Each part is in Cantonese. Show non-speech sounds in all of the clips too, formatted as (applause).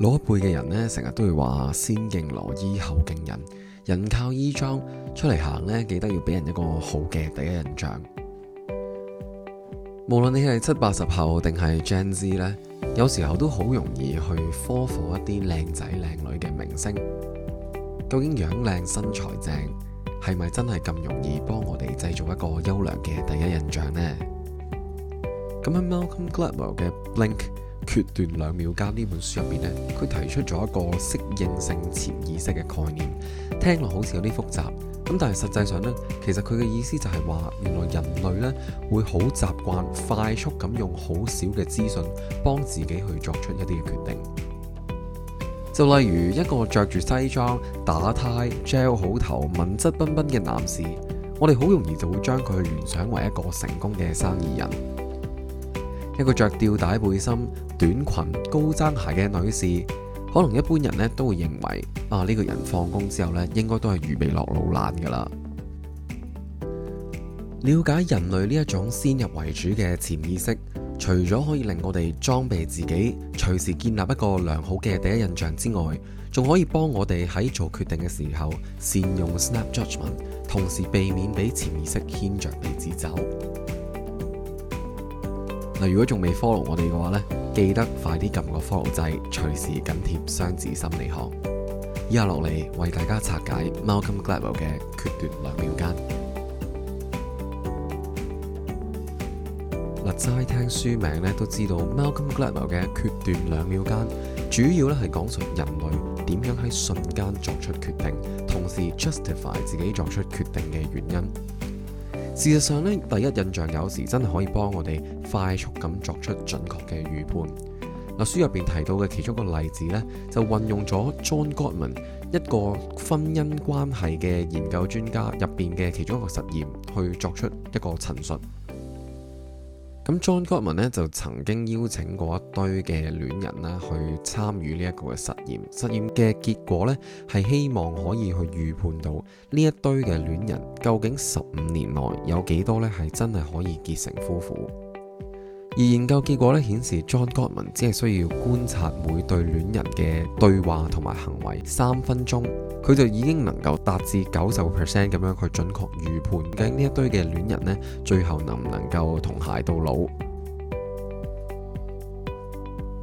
老一輩嘅人呢，成日都會話先敬羅衣後敬人，人靠衣裝出，出嚟行呢，記得要俾人一個好嘅第一印象。 (music) 無論你係七八十後定係 Gen Z 呢，有時候都好容易去 follow 一啲靚仔靚女嘅明星。究竟樣靚身材正係咪真係咁容易幫我哋製造一個優良嘅第一印象呢？咁喺 Malcolm Gladwell 嘅《Blink》決斷兩秒間呢本書入面呢，佢提出咗一個適應性潛意識嘅概念，聽落好似有啲複雜。咁但係實際上呢，其實佢嘅意思就係話，原來人類呢會好習慣快速咁用好少嘅資訊幫自己去作出一啲嘅決定。就例如一個着住西裝、打呔、gel 好頭、文質彬彬嘅男士，我哋好容易就會將佢聯想為一個成功嘅生意人。一個着吊帶背心、短裙、高踭鞋嘅女士，可能一般人呢都會認為啊，呢個人放工之後呢應該都係預備落老蘭㗎啦。了解人類呢一種先入為主嘅潛意識，除咗可以令我哋裝備自己，隨時建立一個良好嘅第一印象之外，仲可以幫我哋喺做決定嘅時候善用 snap judgment，同時避免俾潛意識牽着鼻子走。如果仲未 follow 我哋嘅話呢，記得快啲撳個 follow 掣，隨時緊貼雙子心理學。以下落嚟為大家拆解 Malcolm Gladwell 嘅決斷兩秒間。嗱，齋聽書名咧，都知道 Malcolm Gladwell 嘅決斷兩秒間，主要咧係講述人類點樣喺瞬間作出決定，同時 justify 自己作出決定嘅原因。事實上咧，第一印象有時真係可以幫我哋快速咁作出準確嘅預判。嗱，書入邊提到嘅其中一個例子咧，就運用咗 John Gottman 一個婚姻關係嘅研究專家入邊嘅其中一個實驗去作出一個陳述。咁 John Gottman 咧就曾經邀請過一堆嘅戀人啦去參與呢一個嘅實驗，實驗嘅結果咧係希望可以去預判到呢一堆嘅戀人究竟十五年內有幾多咧係真係可以結成夫婦。而研究結果咧顯示，John Gottman 只係需要觀察每對戀人嘅對話同埋行為三分鐘，佢就已經能夠達至九十 percent 咁樣去準確預判究竟呢一堆嘅戀人呢，最後能唔能夠同偕到老？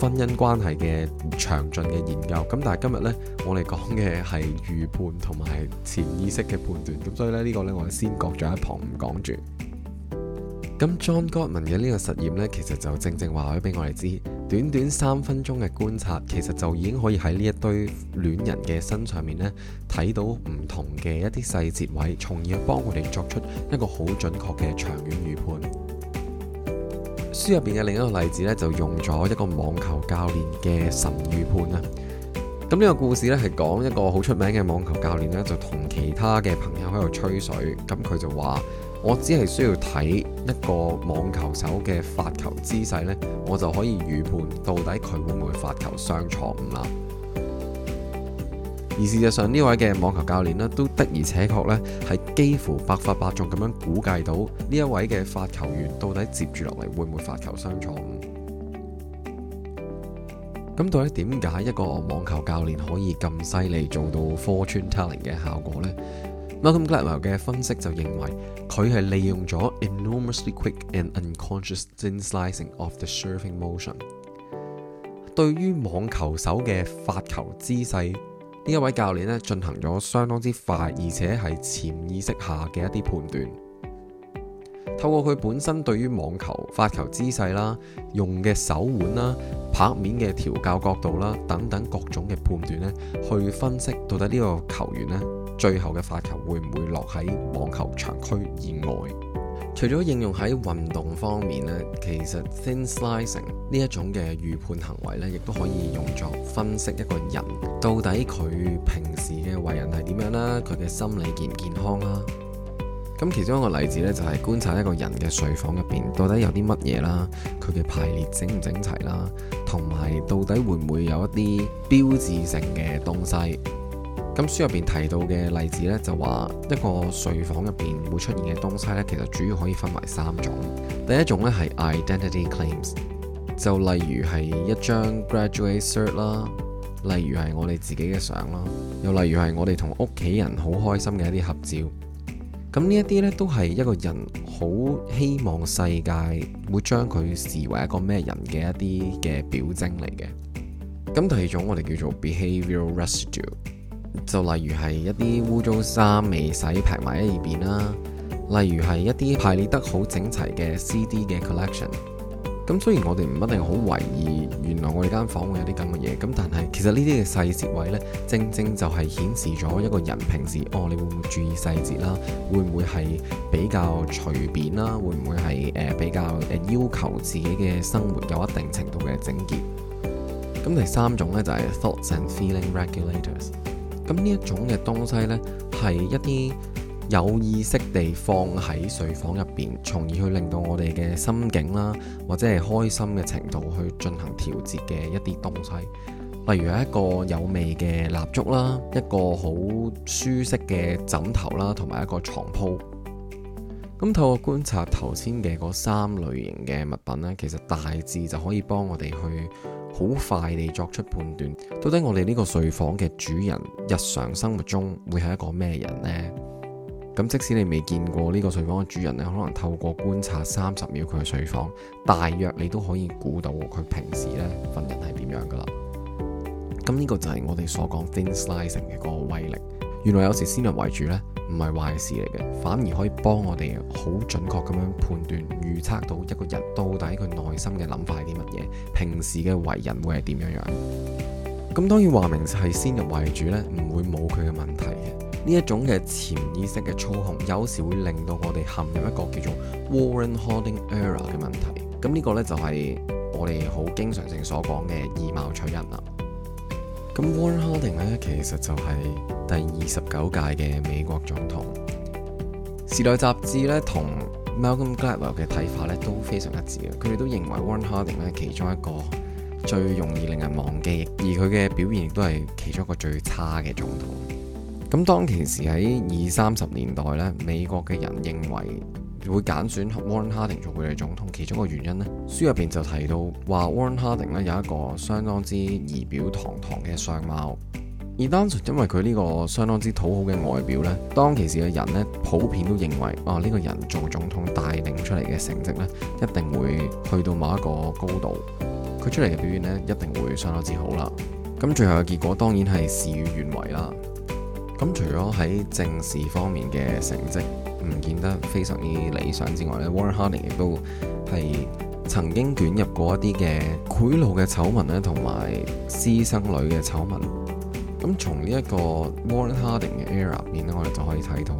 婚姻關係嘅詳盡嘅研究，咁但係今日呢，我哋講嘅係預判同埋潛意識嘅判斷，咁所以呢，呢個呢，我哋先擱在一旁唔講住。咁 John Gottman 嘅呢個實驗呢，其實就正正話咗俾我哋知，短短三分鐘嘅觀察，其實就已經可以喺呢一堆戀人嘅身上面呢，睇到唔同嘅一啲細節位，從而幫我哋作出一個好準確嘅長遠預判。書入邊嘅另一個例子咧，就用咗一個網球教練嘅神預判啦。咁呢個故事咧係講一個好出名嘅網球教練咧，就同其他嘅朋友喺度吹水。咁佢就話：我只係需要睇一個網球手嘅發球姿勢咧，我就可以預判到底佢會唔會發球相錯誤啦。而事實上，呢位嘅網球教練咧，都的而且確咧，係幾乎百發百中咁樣估計到呢一位嘅發球員到底接住落嚟會唔會發球相撞，咁 (noise) 到底點解一個網球教練可以咁犀利做到 fortune-telling 嘅效果呢？Malcolm Gladwell 嘅分析就認為佢係利用咗 enormously quick and unconscious thin-slicing of the serving motion。對於網球手嘅發球姿勢。呢一位教練咧進行咗相當之快，而且係潛意識下嘅一啲判斷，透過佢本身對於網球發球姿勢啦、用嘅手腕啦、拍面嘅調校角度啦等等各種嘅判斷咧，去分析到底呢個球員咧最後嘅發球會唔會落喺網球場區以外。除咗應用喺運動方面呢，其實 thin slicing 呢一種嘅預判行為呢，亦都可以用作分析一個人到底佢平時嘅為人係點樣啦，佢嘅心理健唔健康啦。咁其中一個例子呢，就係觀察一個人嘅睡房入邊到底有啲乜嘢啦，佢嘅排列整唔整齊啦，同埋到底會唔會有一啲標誌性嘅東西。咁書入邊提到嘅例子呢，就話一個睡房入邊會出現嘅東西呢，其實主要可以分為三種。第一種呢，係 identity claims，就例如係一張 graduate cert 啦，例如係我哋自己嘅相啦，又例如係我哋同屋企人好開心嘅一啲合照。咁呢一啲呢，都係一個人好希望世界會將佢視為一個咩人嘅一啲嘅表徵嚟嘅。咁第二種我哋叫做 behavioral residue。就例如係一啲污糟衫未洗，擗埋喺入邊啦，例如係一啲排列得好整齊嘅 CD 嘅 collection。咁雖然我哋唔一定好懷疑，原來我哋間房會有啲咁嘅嘢，咁但係其實呢啲嘅細節位呢，正正就係顯示咗一個人平時，哦，你會唔會注意細節啦？會唔會係比較隨便啦？會唔會係誒比較要求自己嘅生活有一定程度嘅整潔？咁第三種呢，就係、是、thoughts and feeling regulators。咁呢一種嘅東西呢，係一啲有意識地放喺睡房入邊，從而去令到我哋嘅心境啦，或者係開心嘅程度去進行調節嘅一啲東西。例如一個有味嘅蠟燭啦，一個好舒適嘅枕頭啦，同埋一個床鋪。咁透過觀察頭先嘅嗰三類型嘅物品呢，其實大致就可以幫我哋去好快地作出判斷，到底我哋呢個睡房嘅主人日常生活中會係一個咩人呢？咁即使你未見過呢個睡房嘅主人咧，可能透過觀察三十秒佢嘅睡房，大約你都可以估到佢平時咧份人係點樣噶啦。咁呢個就係我哋所講 thin-slicing 嘅嗰個威力。原來有時先人為主呢。唔係壞事嚟嘅，反而可以幫我哋好準確咁樣判斷、預測到一個人到底佢內心嘅諗法係啲乜嘢，平時嘅為人會係點樣樣。咁當然，話明係先入為主呢，唔會冇佢嘅問題嘅。呢一種嘅潛意識嘅操控，有時會令到我哋陷入一個叫做 Warren Harding Error 嘅問題。咁呢個呢，就係我哋好經常性所講嘅以貌取人啦。咁 Warren Harding 呢，其實就係、是。第二十九屆嘅美國總統，《時代》雜誌咧同 Malcolm Gladwell 嘅睇法咧都非常一致嘅，佢哋都認為 Warren Harding 咧其中一個最容易令人忘記，而佢嘅表現亦都係其中一個最差嘅總統。咁當其時喺二三十年代咧，美國嘅人認為會揀選 Warren Harding 做佢哋總統，其中一個原因咧，書入邊就提到話 Warren Harding 咧有一個相當之儀表堂堂嘅相貌。而單純因為佢呢個相當之討好嘅外表呢，當其時嘅人咧，普遍都認為啊，呢、呢個人做總統帶定出嚟嘅成績呢，一定會去到某一個高度，佢出嚟嘅表現呢，一定會相當之好啦。咁最後嘅結果當然係事與願違啦。咁除咗喺政事方面嘅成績唔見得非常之理想之外呢 Warren Harding 亦都係曾經捲入過一啲嘅賄賂嘅醜聞咧，同埋私生女嘅醜聞。咁從呢一個 Warren Harding 嘅 area 入面咧，我哋就可以睇到，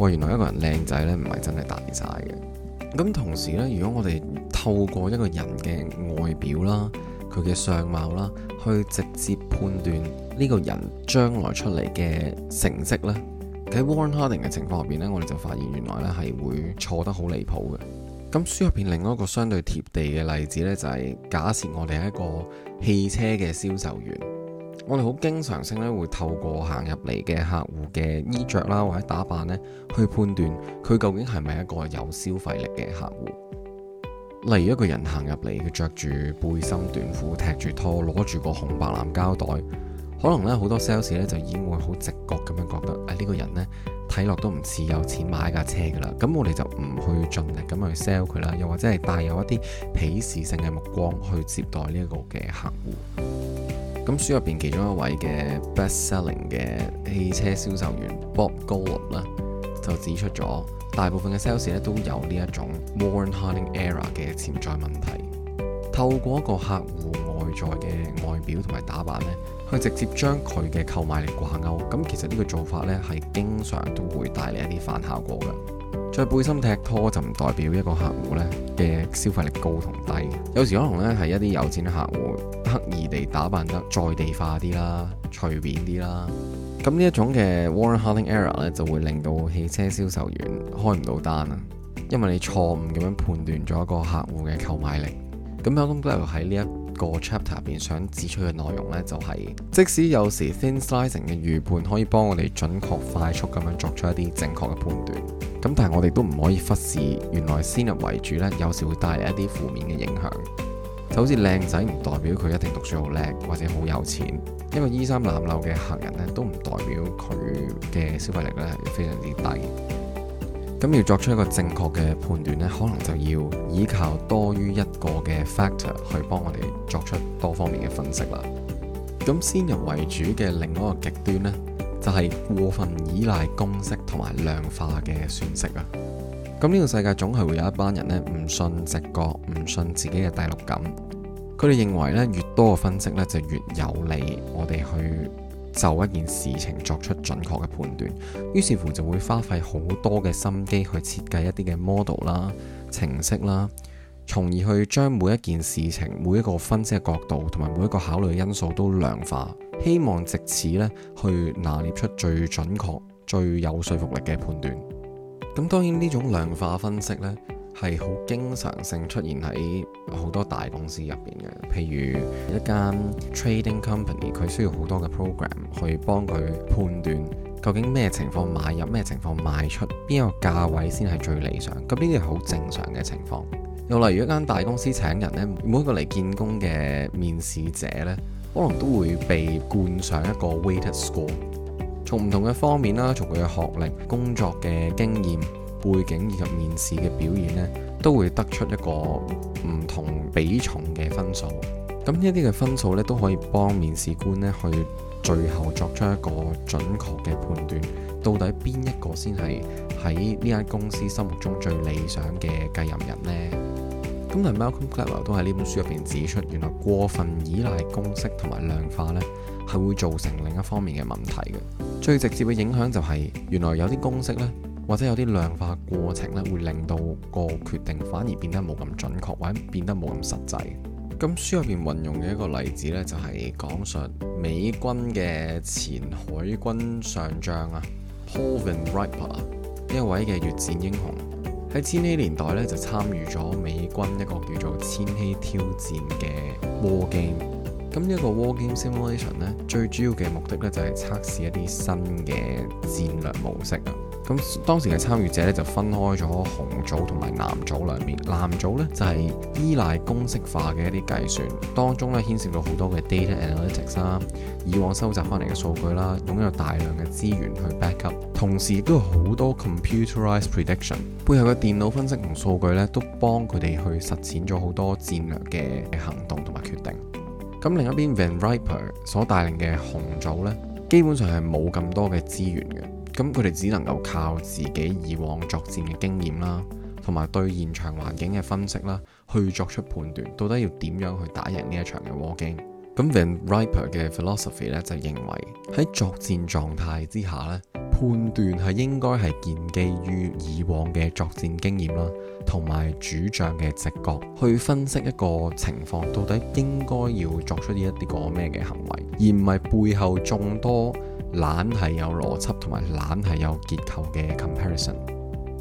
哇！原來一個人靚仔咧，唔係真係大晒嘅。咁同時咧，如果我哋透過一個人嘅外表啦、佢嘅相貌啦，去直接判斷呢個人將來出嚟嘅成績咧，喺 Warren Harding 嘅情況入邊咧，我哋就發現原來咧係會錯得好離譜嘅。咁書入邊另一個相對貼地嘅例子咧，就係，就係假設我哋係一個汽車嘅銷售員。我哋好經常性咧，會透過行入嚟嘅客戶嘅衣着啦，或者打扮呢，去判斷佢究竟係咪一個有消費力嘅客戶。例如一個人行入嚟，佢着住背心短褲，踢住拖，攞住個紅白藍膠袋，可能呢好多 sales 咧就已經會好直覺咁樣覺得，啊、哎、呢、呢個人呢，睇落都唔似有錢買架車噶啦。咁我哋就唔去盡力咁去 sell 佢啦，又或者係帶有一啲鄙視性嘅目光去接待呢一個嘅客戶。咁書入邊其中一位嘅 bestselling 嘅汽車銷售員 Bob Golomb 咧，就指出咗大部分嘅 sales 咧都有呢一種 Warren Harding error 嘅潛在問題。透過一個客戶外在嘅外表同埋打扮咧，去直接將佢嘅購買力掛鈎。咁其實呢個做法咧係經常都會帶嚟一啲反效果嘅。著背心踢拖就唔代表一個客戶咧嘅消費力高同低。有時可能咧係一啲有錢嘅客戶。刻意地打扮得在地化啲啦，隨便啲啦。咁呢一種嘅 Warren Harding Error 咧，就會令到汽車銷售員開唔到單啊，因為你錯誤咁樣判斷咗一個客戶嘅購買力。咁 Alexander 喺呢一個 chapter 入邊想指出嘅內容呢，就係、是、即使有時 thin slicing 嘅預判可以幫我哋準確快速咁樣作出一啲正確嘅判斷，咁但係我哋都唔可以忽視原來先入為主呢，有時會帶嚟一啲負面嘅影響。就好似靚仔唔代表佢一定讀書好叻或者好有錢，一個衣衫襤褸嘅客人呢都唔代表佢嘅消費力咧係非常之低。咁要作出一個正確嘅判斷呢，可能就要依靠多於一個嘅 factor 去幫我哋作出多方面嘅分析啦。咁先入為主嘅另一個極端呢，就係過分依賴公式同埋量化嘅算式啊。咁呢個世界總係會有一班人呢，唔信直覺，唔信自己嘅第六感。佢哋認為呢，越多嘅分析呢，就越有利我哋去就一件事情作出準確嘅判斷。於是乎就會花費好多嘅心機去設計一啲嘅 model 啦、程式啦，從而去將每一件事情、每一個分析嘅角度同埋每一個考慮嘅因素都量化，希望藉此呢，去拿捏出最準確、最有說服力嘅判斷。咁當然，呢種量化分析呢，係好經常性出現喺好多大公司入邊嘅，譬如一間 trading company，佢需要好多嘅 program 去幫佢判斷究竟咩情況買入，咩情況賣出，邊個價位先係最理想。咁呢啲係好正常嘅情況。又例如一間大公司請人呢，每個嚟見工嘅面試者呢，可能都會被冠上一個 weighted score。從唔同嘅方面啦，從佢嘅學歷、工作嘅經驗、背景以及面試嘅表現呢都會得出一個唔同比重嘅分數。咁呢一啲嘅分數呢都可以幫面試官呢去最後作出一個準確嘅判斷，到底邊一個先係喺呢間公司心目中最理想嘅繼任人呢？咁但 Malcolm Gladwell 都喺呢本書入邊指出，原來過分依賴公式同埋量化呢。係會造成另一方面嘅問題嘅，最直接嘅影響就係原來有啲公式呢，或者有啲量化過程呢，會令到個決定反而變得冇咁準確，或者變得冇咁實際。咁書入邊運用嘅一個例子呢，就係、是、講述美軍嘅前海軍上將啊，Paul Van Riper 呢一位嘅越戰英雄，喺千禧年代呢，就參與咗美軍一個叫做千禧挑戰嘅 war game。咁呢個 war game simulation 咧，最主要嘅目的咧就係、是、測試一啲新嘅戰略模式啊。咁當時嘅參與者咧就分開咗紅組同埋藍組兩面。藍組咧就係、是、依賴公式化嘅一啲計算，當中咧牽涉到好多嘅 data analytics 啦、啊，以往收集翻嚟嘅數據啦、啊，擁有大量嘅資源去 back up，同時亦都有好多 computerized prediction 背後嘅電腦分析同數據咧，都幫佢哋去實踐咗好多戰略嘅行動同埋決定。咁另一邊 Van Riper 所帶領嘅紅組呢，基本上係冇咁多嘅資源嘅，咁佢哋只能夠靠自己以往作戰嘅經驗啦，同埋對現場環境嘅分析啦，去作出判斷，到底要點樣去打贏呢一場嘅 war game。咁 Van Riper 嘅 philosophy 咧就認為喺作戰狀態之下咧，判斷係應該係建基於以往嘅作戰經驗啦，同埋主將嘅直覺去分析一個情況，到底應該要作出呢一啲個咩嘅行為，而唔係背後眾多懶係有邏輯同埋懶係有結構嘅 comparison。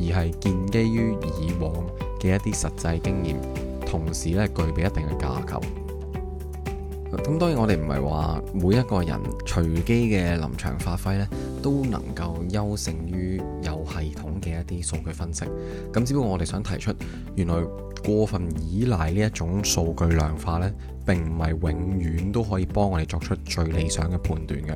而係建基於以往嘅一啲實際經驗，同時咧具備一定嘅架構。咁當然我哋唔係話每一個人隨機嘅臨場發揮咧，都能夠優勝於有系統嘅一啲數據分析。咁只不過我哋想提出，原來過分依賴呢一種數據量化咧，並唔係永遠都可以幫我哋作出最理想嘅判斷嘅。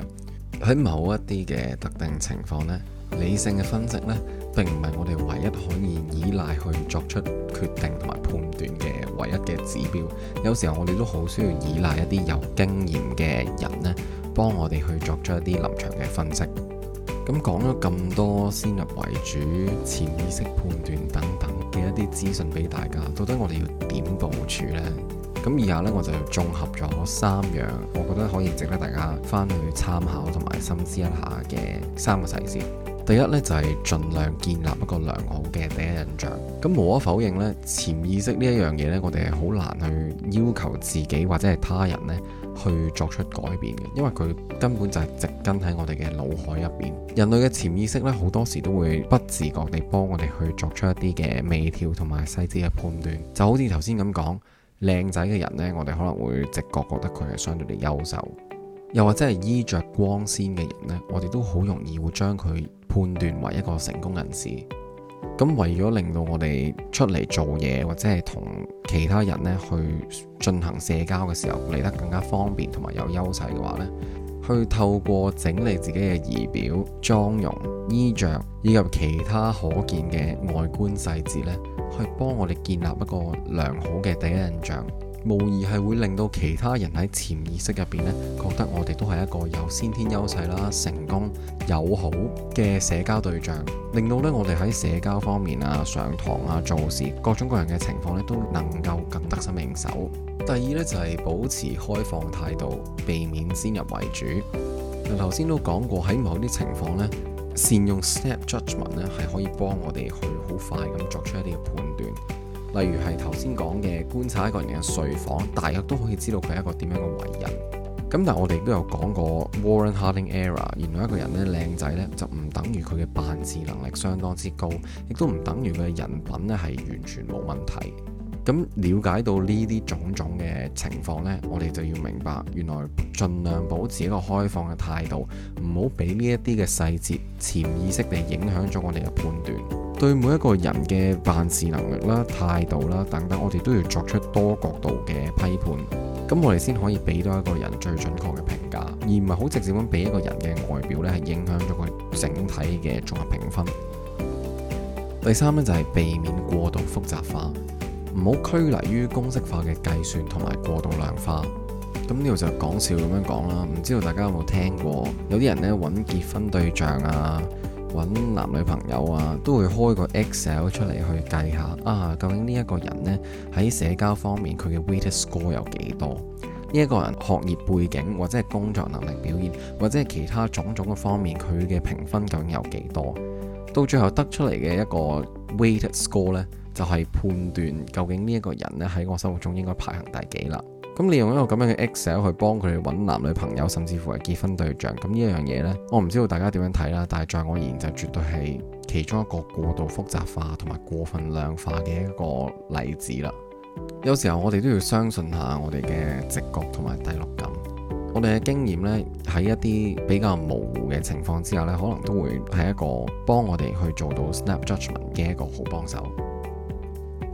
喺某一啲嘅特定情況咧，理性嘅分析呢，並唔係我哋唯一可以依賴去作出決定同埋判斷嘅唯一嘅指標。有時候我哋都好需要依賴一啲有經驗嘅人呢，幫我哋去作出一啲臨場嘅分析。咁講咗咁多先入為主、潛意識判斷等等嘅一啲資訊俾大家，到底我哋要點部署呢？咁以下呢，我就要綜合咗三樣，我覺得可以值得大家翻去參考同埋深思一下嘅三個細節。第一咧就係、是、盡量建立一個良好嘅第一印象。咁無可否認呢，潛意識呢一樣嘢呢，我哋係好難去要求自己或者係他人呢去作出改變嘅，因為佢根本就係植根喺我哋嘅腦海入邊。人類嘅潛意識呢，好多時都會不自覺地幫我哋去作出一啲嘅微調同埋細緻嘅判斷。就好似頭先咁講，靚仔嘅人呢，我哋可能會直覺覺得佢係相對地優秀；又或者係衣着光鮮嘅人呢，我哋都好容易會將佢判斷為一個成功人士，咁為咗令到我哋出嚟做嘢或者係同其他人呢去進行社交嘅時候嚟得更加方便同埋有優勢嘅話呢，去透過整理自己嘅儀表、妝容、衣着，以及其他可見嘅外觀細節呢去幫我哋建立一個良好嘅第一印象。無疑係會令到其他人喺潛意識入邊咧，覺得我哋都係一個有先天優勢啦、成功、友好嘅社交對象，令到咧我哋喺社交方面啊、上堂啊、做事各種各樣嘅情況咧，都能夠更得心應手。第二呢，就係保持開放態度，避免先入為主。頭先都講過喺某啲情況咧，善用 snap judgment 咧係可以幫我哋去好快咁作出一啲嘅判斷。例如係頭先講嘅觀察一個人嘅睡房，大概都可以知道佢係一個點樣嘅為人。咁但係我哋都有講過 Warren Harding era，原來一個人咧靚仔咧就唔等於佢嘅辦事能力相當之高，亦都唔等於佢嘅人品咧係完全冇問題。咁了解到呢啲種種嘅情況咧，我哋就要明白，原來盡量保持一個開放嘅態度，唔好俾呢一啲嘅細節潛意識地影響咗我哋嘅判斷，對每一個人嘅辦事能力啦、態度啦等等，我哋都要作出多角度嘅批判。咁我哋先可以俾到一個人最準確嘅評價，而唔係好直接咁俾一個人嘅外表咧，係影響咗佢整體嘅綜合評分。第三咧就係、是、避免過度複雜化。唔好拘泥於公式化嘅計算同埋過度量化。咁呢度就講笑咁樣講啦，唔知道大家有冇聽過？有啲人呢揾結婚對象啊，揾男女朋友啊，都會開個 Excel 出嚟去計下啊，究竟呢一個人呢，喺社交方面佢嘅 Weighted Score 有幾多？呢一個人學業背景或者係工作能力表現或者係其他種種嘅方面佢嘅評分究竟有幾多？到最後得出嚟嘅一個 Weighted Score 呢。就係判斷究竟呢一個人咧，喺我心目中應該排行第幾啦。咁利用一個咁樣嘅 Excel 去幫佢哋揾男女朋友，甚至乎係結婚對象。咁呢一樣嘢呢，我唔知道大家點樣睇啦。但係在我而言，就絕對係其中一個過度複雜化同埋過分量化嘅一個例子啦。有時候我哋都要相信下我哋嘅直覺同埋第六感。我哋嘅經驗呢，喺一啲比較模糊嘅情況之下呢，可能都會係一個幫我哋去做到 snap judgment 嘅一個好幫手。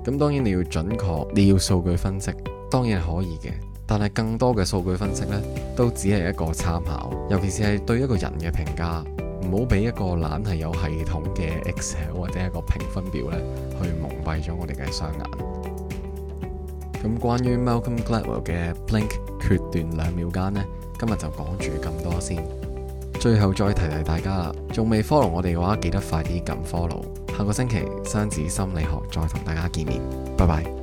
咁當然你要準確，你要數據分析，當然可以嘅。但係更多嘅數據分析呢，都只係一個參考，尤其是係對一個人嘅評價，唔好俾一個懶係有系統嘅 Excel 或者一個評分表呢，去蒙蔽咗我哋嘅雙眼。咁關於 Malcolm Gladwell 嘅《Blink 決斷兩秒間》呢，今日就講住咁多先。最後再提提大家啦，仲未 follow 我哋嘅話，記得快啲撳 follow。下個星期《雙子心理學》再同大家見面，拜拜。